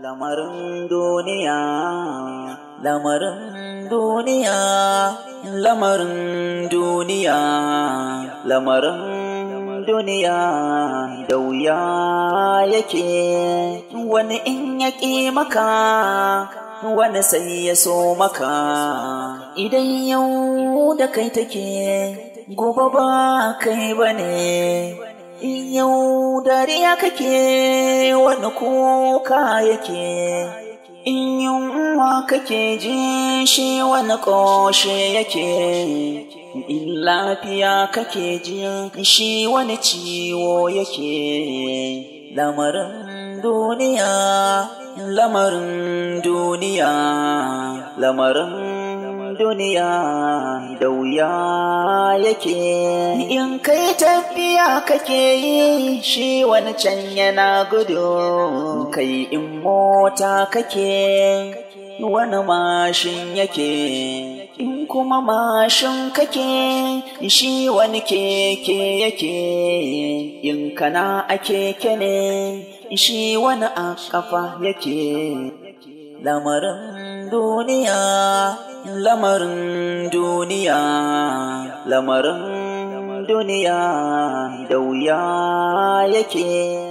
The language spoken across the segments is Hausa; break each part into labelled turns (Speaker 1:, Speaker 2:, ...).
Speaker 1: lamarin duniya lamarin duniya lamarin duniya lamarin duniya da wuya yake wani in ya maka wani sai ya so maka idan yau da kai take gobe ba kai ba ne yau dariya kake wani kuka yake in yunwa kake ji shi wani ƙoshe yake in lafiya kake ji shi wani ciwo yake lamarin duniya lamarin duniya lamarin duniya da wuya yake in kai tafiya kake yi shi wani can yana gudu kai in mota kake wani mashin yake in kuma mashin kake shi wani keke yake in kana a keke ne shi wani a kafa yake lamarin duniya lamarin duniya lamarin duniya da wuya yake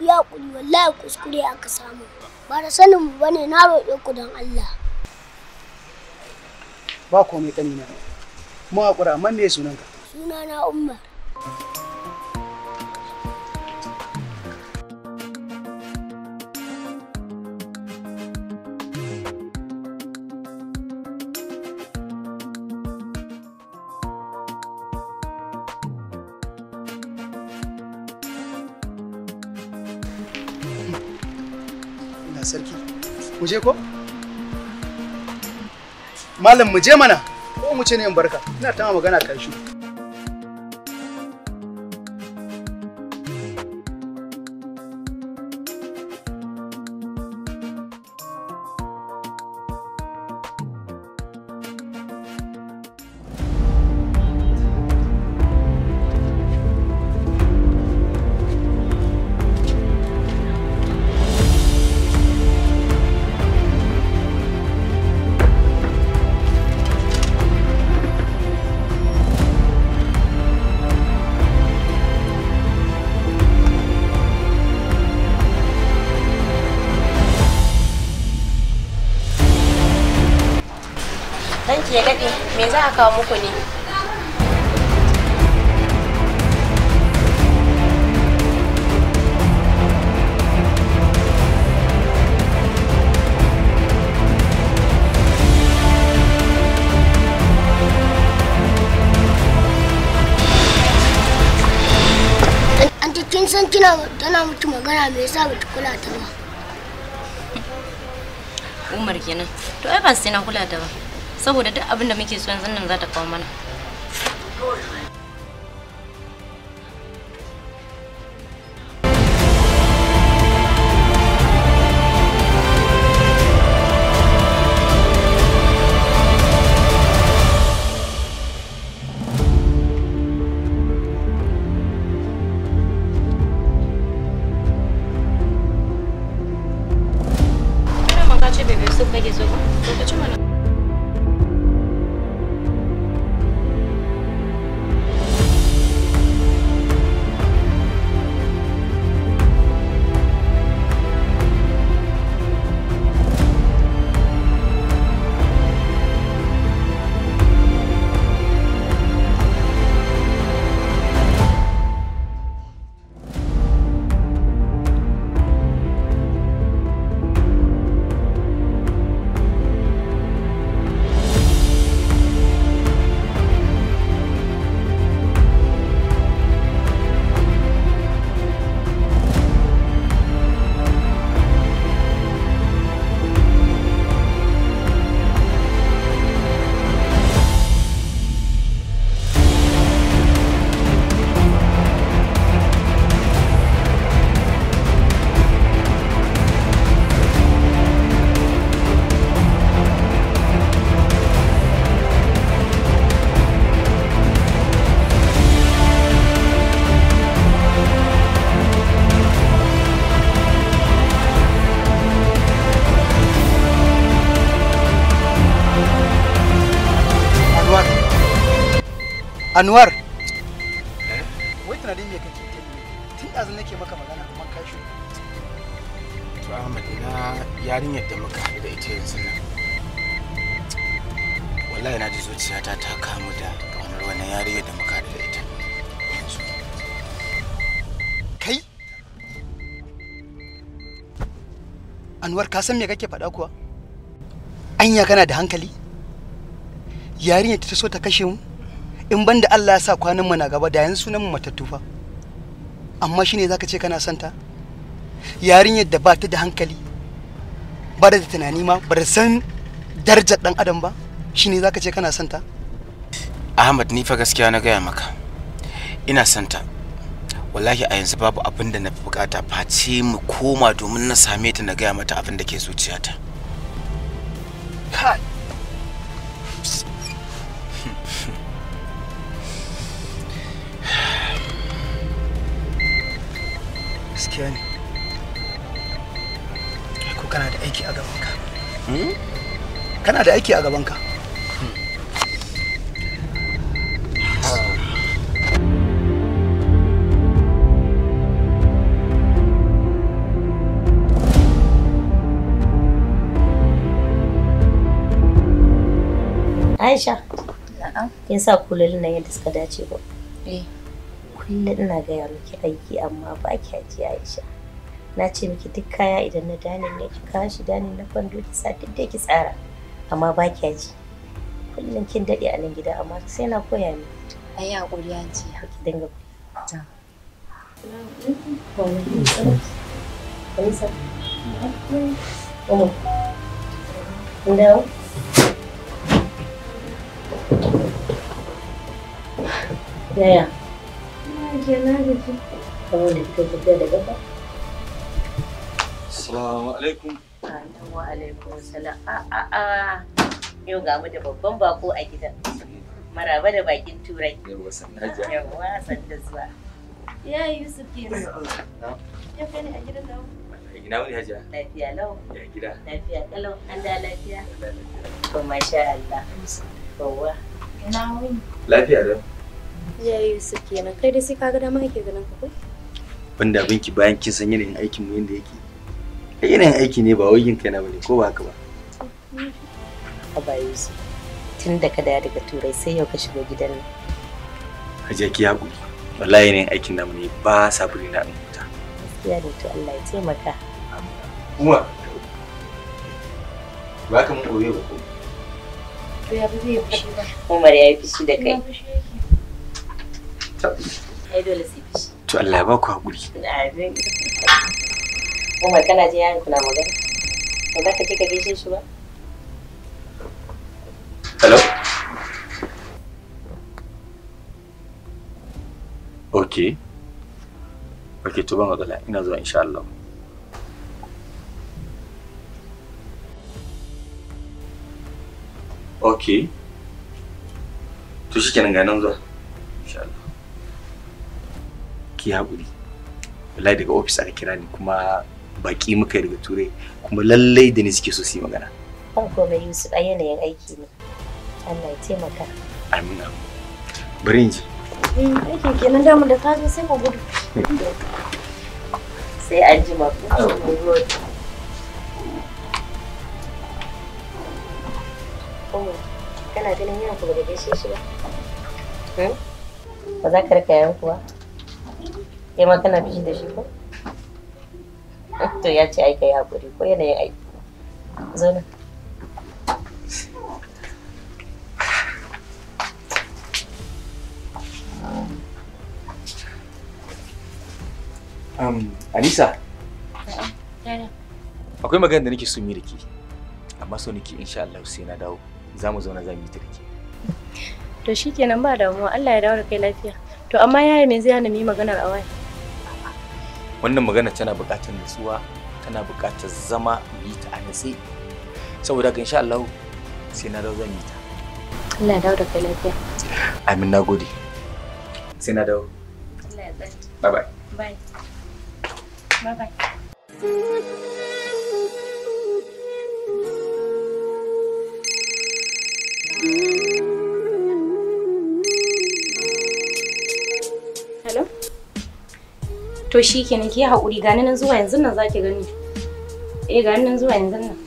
Speaker 2: ya kuri wallahi kuskure aka samu ba da sanin mu bane na roƙe ku don Allah
Speaker 3: ba komai kanina mu haƙura man ne sunanka
Speaker 2: sunana Umar
Speaker 3: mu je ko malam mu je mana ko mu ce ne in barka ina ta magana kan shi
Speaker 1: a muku ne
Speaker 2: kin san kina tana mutu magana mai yasa ta kula ta ba
Speaker 3: Umar kenan to ai ban sai na kula ta ba saboda duk abin da muke so yanzu nan za ta kawo mana Anwar. Eh?
Speaker 2: Wai tunanin me kake Tun
Speaker 3: nake maka magana amma shi. To Ahmad ina yarinyar da muka haɗu da ita yanzu nan. Wallahi na ji ta kamu da wannan yarinyar da muka haɗu da ita. Kai? Anwar ka san me kake faɗa kuwa? Anya kana da hankali? Yarinyar ta so ta kashe mu? in banda Allah ya sa kwanan mu na gaba da yanzu sunan mu matattu fa amma shine zaka ce kana santa yarinyar da ba ta da hankali ba da tunani ma ba da san darajar dan adam ba shine zaka ce kana santa Ahmad ni fa gaskiya na gaya maka ina santa wallahi a yanzu babu abin da na bukata face mu koma domin na same ta na gaya mata abin da ke zuciyata. gaskiya ne ko kana da aiki a gabanka hmm? kana da aiki a gabanka Aisha, kin sa kulolin nan yadda suka dace ba? Eh. kullum ina gaya miki aiki amma ba ki haji Aisha. Na ce miki duk kaya idan na danin ne ki kawo shi danin na kwando ki sa duk da ki tsara amma ba ki haji. Kullum kin daɗe a nan gida amma sai na
Speaker 2: koya miki.
Speaker 1: Ai hakuri hajiya. Ki
Speaker 2: dinga kuɗi.
Speaker 1: No. Yeah, yeah. gaji
Speaker 2: Assalamu alaikum.
Speaker 1: Wa alaikum salam. A'a yau ga mu da babban bako a gidan. Maraba da bakin turai. Yawwa sannaja. Yawwa sanda zuwa. Ya Yusuf
Speaker 2: kenan.
Speaker 1: Ya kai ne a gidan da Ina wani hajiya? Lafiya lau. Ya gida? Lafiya kalau. An da lafiya. To masha Allah. Kowa. Ina wuni. Lafiya lau. Ya Yusuf kenan, kai dai sai ka ga dama yake ganin ka Ban
Speaker 3: Banda abin ki bayan kin san yanayin aikin mu yanda yake. Ai yanayin aiki ne ba wai yin kaina bane ko ba haka ba.
Speaker 1: Aba Yusuf, tun da ka daya daga Turai sai yau ka shigo gidan nan.
Speaker 3: Hajiya ki ya guri. Wallahi yanayin aikin namu ne ba sa na in Gaskiya ne to Allah ya taimaka. ba ka mun koyo ba ko? ya
Speaker 2: ba fushi ba.
Speaker 3: Umar ya yi fushi da kai. To Allah ya ba ku haƙuri. Amin.
Speaker 1: Umar kana jin yayin kuna magana? Ba za ka shi ba? Hello? to matsala ina zuwa insha Allah. Ok. To shi kenan
Speaker 3: ga nan zuwa. ki haƙuri wallahi daga ofis aka kira ni kuma baki muka yi daga turai kuma lallai da ni suke so su yi magana
Speaker 1: ban komai yusuf a yanayin aiki ne allah ya taimaka
Speaker 3: amina bari in ji
Speaker 1: eh, aiki kenan damu da ka sai ka
Speaker 3: gudu
Speaker 1: sai an ji ma
Speaker 3: oh, kana ganin yaran ku ba da gaishe shi ba
Speaker 1: hmm? ba za ka rika yaran kuwa kai ma kana fishi da shi ko to ya ce ai kai hakuri ko yanayin aiki
Speaker 2: zauna
Speaker 3: Um, Anisa. Akwai magana da nake so mi da Amma so nake insha Allah sai na dawo. Za mu zauna za mu yi ta da To To shikenan ba damuwa. Allah ya dawo da kai lafiya. To amma yaya me zai hana mu yi maganar a waya? wannan magana tana buƙatar nutsuwa tana buƙatar zama yi ta a natsi saboda ga insha Allah sai na dawo zan yi ta
Speaker 1: Allah ya dawo da kai lafiya
Speaker 3: amin na gode sai na dawo
Speaker 1: Allah ya tsare bye bye bye bye
Speaker 2: bye
Speaker 3: to shikenan ki haƙuri ganin nan zuwa yanzu nan zaki gani eh ganin nan zuwa yanzu nan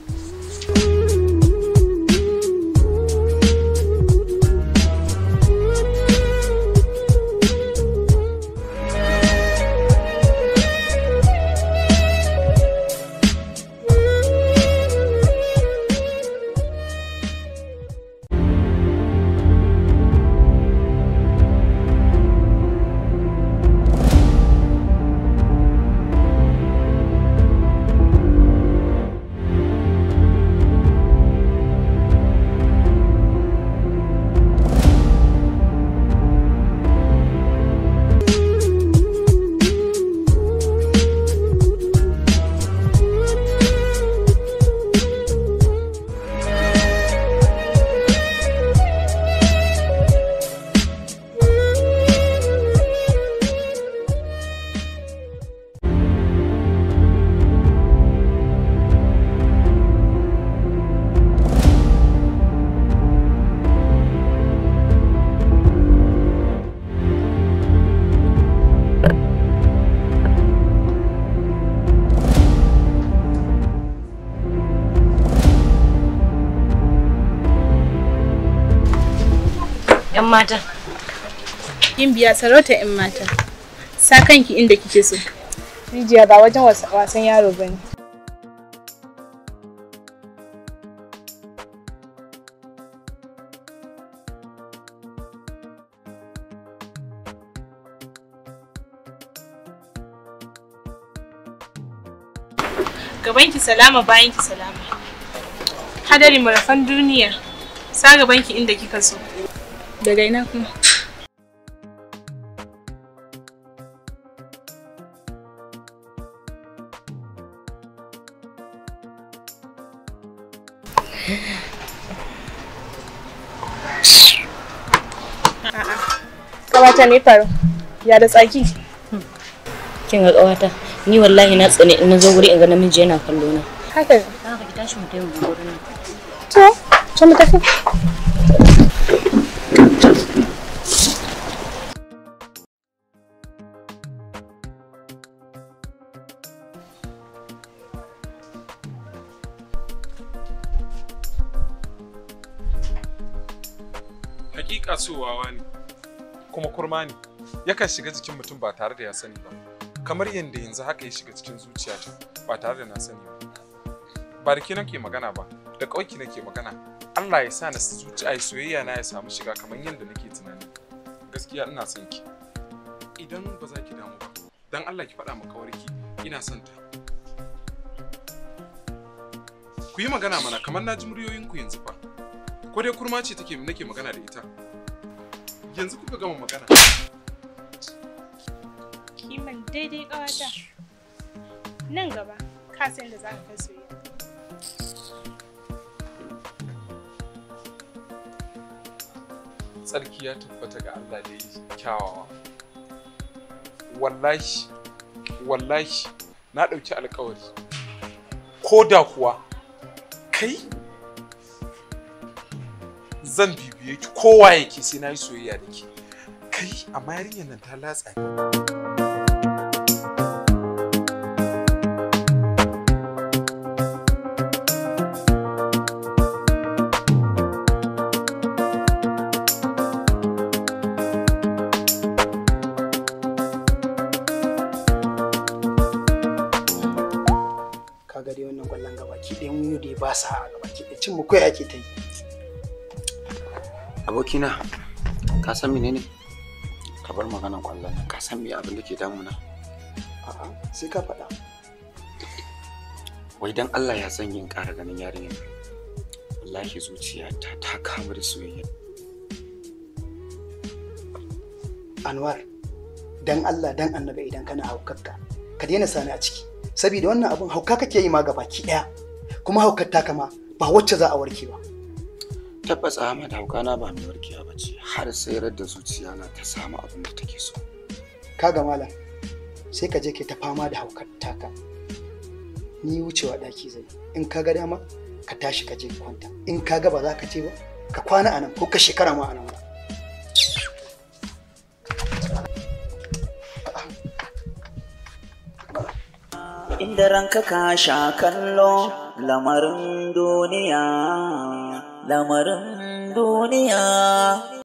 Speaker 3: mata kin biya sarauta yan mata sa kanki inda kike so
Speaker 2: rijiya ba wajen wasan yaro bane
Speaker 3: gabanki salama bayanki salama Hadari marafan duniya sa gabanki inda kika so Daga ina kuma? Kawata ne faru, ya da tsaki. Kin ga kawata, ni wallahi na tsane in zo guri in ga namiji yana kallo na.
Speaker 2: Haka ne. Haka ki tashi mu tayi gurin.
Speaker 3: To, to mu tafi.
Speaker 2: hakika wawa ne
Speaker 3: kuma kurma ne yakan shiga jikin mutum ba tare da ya sani ba kamar yadda yanzu haka ya shiga cikin zuciya ta, ba tare da na sani ba ba da ke nake magana ba da ƙauki nake magana Allah ya sa na zuciya ai soyayya na ya samu shiga kamar yadda nake tunani gaskiya ina son ki idan ba za ki damu ba dan Allah ki faɗa maka kawarki ina son ta ku yi magana mana kamar na ji muryoyinku yanzu fa ko dai kurma ce take nake magana da ita
Speaker 2: yanzu kuka gama magana kiman daidai kawata
Speaker 3: nan gaba ka san da za ka kai soyayya
Speaker 1: tsarki ya tabbata ga Allah da yi kyawawa
Speaker 3: wallahi wallahi na ɗauki alkawari ko da kuwa kai zan bibiye ki kowa yake sai na yi soyayya da ke kai amma yarinyar nan ta latsa ni abokina ka san menene ka bar maganan kwallon ka san me abin da ke damuna a'a sai ka faɗa wai dan Allah ya san yin ƙara ganin yarinyar wallahi zuciyata ta kama da soyayya Anwar dan Allah dan annabi idan kana haukarka ka daina sani a ciki saboda wannan abun hauka kake yi ma gabaki daya kuma haukar ta kama ba wacce za a warke ba tabbas ahmad haukana ba mai warkewa ba ce har sai da zuciya na ta samu abin da take so kaga mala sai ka je ke ta fama da haukar taka ni wucewa daki zai in ka ga dama ka tashi ka je kwanta in ka ga ba za ka ce ba ka kwana a nan ko ka shekara ma a nan
Speaker 1: inda ranka ka sha kallo lamarin duniya lamarin duniya